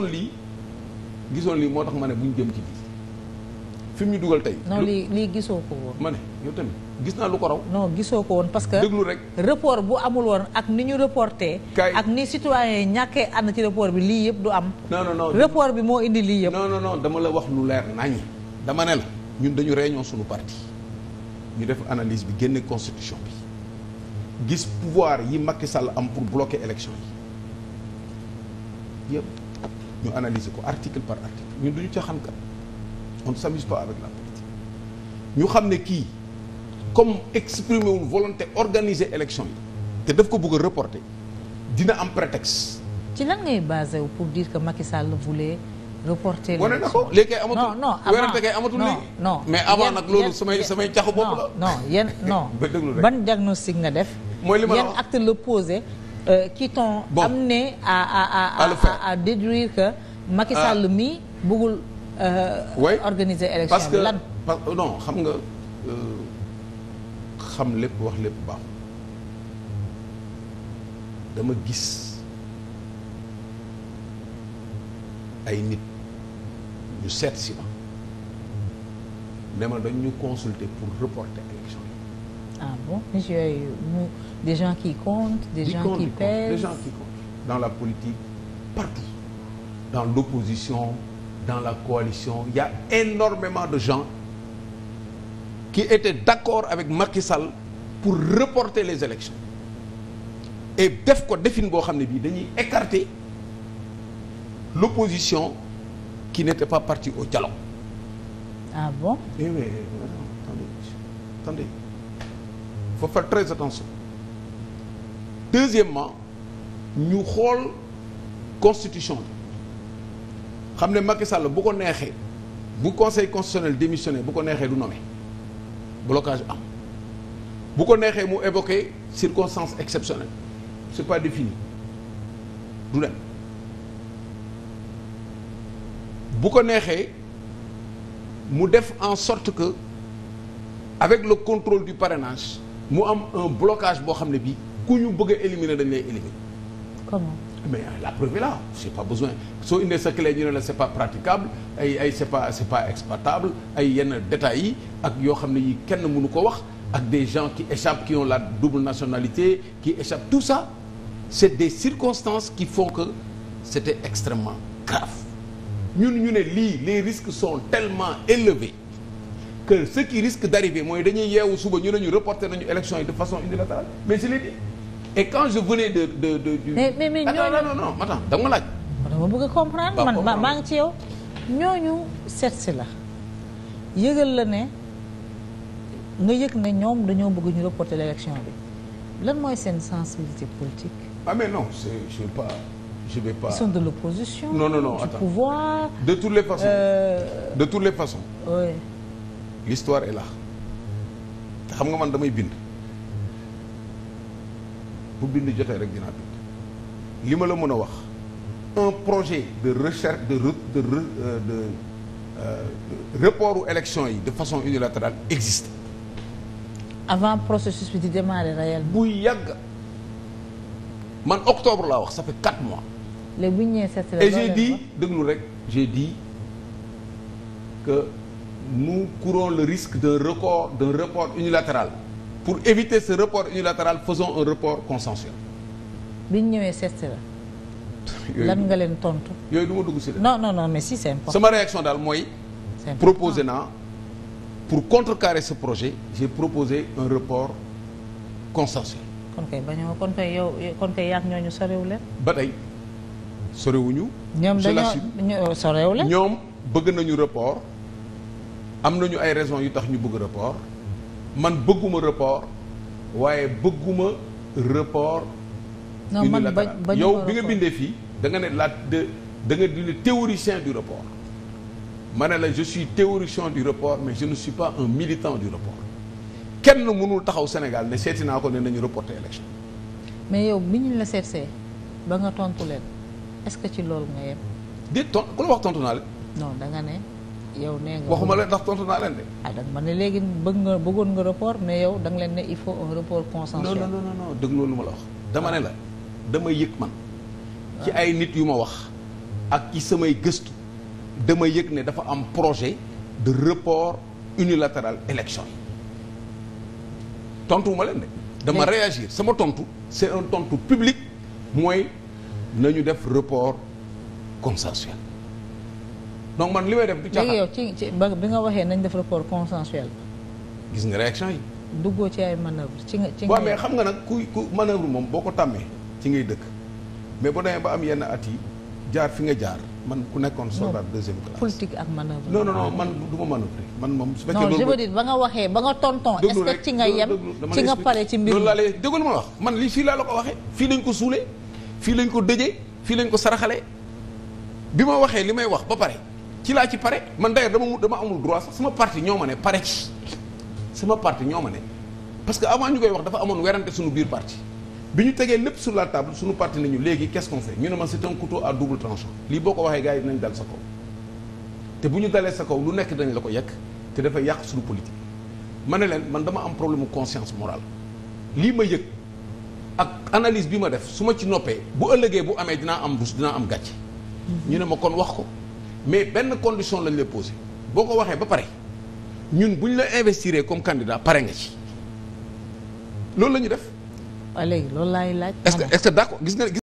gisoon lii gisoon lii moo tax ma ne bu ñu jëm ci lii fi mu ñu dugal tey. non lii lii gisoo ko woon. ma ne yow tamit gis naa lu ko raw. non gisoo ko woon parce que. déglu rek report bu amul woon ak ni ñu reporté. kay ak ni citoyen yi ñàkkee ànd ci report bi lii yëpp du am. non non non bi moo indi lii yëpp. non non non dama la wax lu leer naññi. dama ne la ñun dañu réunion suñu parti ñu def analise bi génn constitution bi gis pouvoir yi Macky Sall am pour bloquer élection ñu analyser ko article par article ñu duñu ca xam kat on ne s'amuse avec la politique ñu xam ne kii comme exprimer wul volonté organiser élection yi te daf ko bugg a reporter dina am prétexte. ci lan ngay basé wu pour diir que Macky Sall voulait reporter wane na ko léegi kay amatul non non werante non mais avant nag loolu samay samay caxu bopp la non yéen non ban diagnostic nga def mooy li la wax posé euh, qui t'ont bon. amené à à à, à, à déduire que Macky ah. Sall mi bëggul euh, organiser élection parce que lan euh, non xam nga euh, xam lépp wax lépp baax dama gis ay nit ñu seet si ma ne ma dañ ñu consulter pour reporter élection Ah bon Monsieur, des gens qui comptent, des qui gens compte, qui pèsent. Des gens qui comptent. Dans la politique, partout. Dans l'opposition, dans la coalition, il y a énormément de gens qui étaient d'accord avec Macky Sall pour reporter les élections. Et def ko define boo xam ne bii dañuy écarter l'opposition qui n'était pas partie au dialogue. Ah bon? Eh oui, eh attendez, attendez. faut faire très attention deuxièmement ñu xool constitution bi xam ne Macky Sall bu ko neexee bu conseil constitutionnel démissionné bu ko neexee du nommé blocage am bu ko neexee mu évoqué circonstance exceptionnelle c'est pas défini du dem bu ko neexee mu def en sorte que avec le contrôle du parrainage mu am un blocage boo xam ne bii ku ñu bëgg a éliminer dañ lay éliminer. comment. mais la preuve est là c'est pas besoin soo indee sa clé ñu ne la c'est pas praticable ay ay c'est pas c'est pas exploitable ay yenn détails yi ak yoo xam ne yi kenn mënu ko wax ak des gens qui échappent qui ont la double nationalité qui échappent tout ça c'est des circonstances qui font que c'était extrêmement grave ñun ñu ne lii les risques sont tellement élevés que ce qui risque d'arriver mooy dañuy yeewu suba ñu ne ñu reporter nañu élection yi de façon unilatérale mais je l'ai dit et quand je venais de de de du. mais mais mais ah, ñooñu non dama laaj. dama bëgg comprendre man maa ngi ci yow. ñooñu seet la yëgal la ne nga yëg ne ñoom dañoo bëgg ñu reporter l'élection bi lan mooy seen sensibilité politique. ah mais no c'est je sais pas. je de l'opposition. non non non attends du pouvoir. de toutes les façons. Euh, les façons. l'histoire est là te xam nga man damay bind bu bind jotee rek dinaa bind li ma la mën a wax un projet de recherche de euh, euh, reportu élection yi de façon unilatérale existe avant processus bi di démarrer réel bu yàgg man octobre laa wax ça fait quatre mois léegi bu ñu ñëwee et j'ai déglu rek j'ai dit que nous courons le risque d'un record d'un report unilatéral pour éviter ce report unilatéral faisons un report consensuel. bi ñu ñëwee seet la. lan nga leen tontu. yooyu du ma dugg si la. non non non mais si c'est important. sama réaction daal mooy. proposé naa pour contrecarrer ce projet j'ai proposé un report consensuel. kon kay bañoo kon kay yow kon kay yaag ñooñu sorewu leen. ba tey sorewuñu. ñoom dañoo sorewuleen. ñoom bëgg nañu report. am nañu ay raisons yu tax ñu bëgg report man bëgguma report waaye bëgguma report unilatéral yow bi nga bindee fii da nga ne la de da nga di le théoricien du report ma ne la je suis théoricien du report mais je ne suis pas un militant du report kenn mënul taxaw Sénégal ne seeti naa ko ne nañu reporter élection mais yow bi ñu la seetsee ba nga tontu leen est que ci loolu nga yem. déet tontu ku la wax tontu naa leen. non da ne. yow nee nga waxuma la ndax tontu naa leen de. ah da ma ne léegi bëgg nga bëggoon nga report mais yow da nga leen ne il faut un report consensuel. non non non non dëgg loolu ma la wax. dama ne la dama yëg man. ci ah. ay nit yu ma wax. ak ci samay gëstu. dama yëg ne dafa am projet de report unilatéral élection yi tontuwuma leen de. dama réagir sama tontu. c'est un tontu publique mooy ñu def report consensuel. donc man li may def du caaxaan ci ci bi nga waxee nañ def rapport consensuel. gis nga réaction yi. duggoo ci ay manœuvre ci nga ci nga. waaw xam nga nag ku ku manœuvre moom boo ko tàmmee ci ngay dëkk mais bu demee ba am yenn at yi jaar fi nga jaar man ku nekkoon soldat deuxième classe. politique ak manœuvre. non non non man du ma manœuvre man moom su fekkee. non je veux ba nga waxee ba nga tonton. est ce que ci nga yem ci nga pare ci mbir mi loolu laa lay ma wax man li fii laa la ko waxee fii lañ ko suulee fii lañ ko dëjee fii lañ ko saraxalee bi ma waxee li may wax ba pare ci laa ci pare man d'ailleurs dama dama amul droit sax sama parti ñoo ma ne pare ci sama parti ñoo ma ne parce que avant ñu koy wax dafa amoon werante suñu biir parti bi ñu tegee lépp sur la table suñu parti nañu léegi qu'est-ce qu'on fait ñu ne man c'est un couteau à double tranchant lii boo ko waxee gars yi dinañ dal sa kaw te bu ñu dalee sa kaw lu nekk dañ la ko yekk te dafay yàq suñu politique ma ne leen man dama am problème conscience morale lii ma yëg ak analyse bi ma def su ma ci noppee bu ëllëgee bu amee dinaa am dus dinaa am gàcce ñu ne ma kon wax ko mais benn condition lañ la posé boo ko waxee ba pare ñun bu ñu la investire comme candidat pare nga ci loolu la ñu def. waaw léegi loolu laay laaj. est-ce que est-ce que gis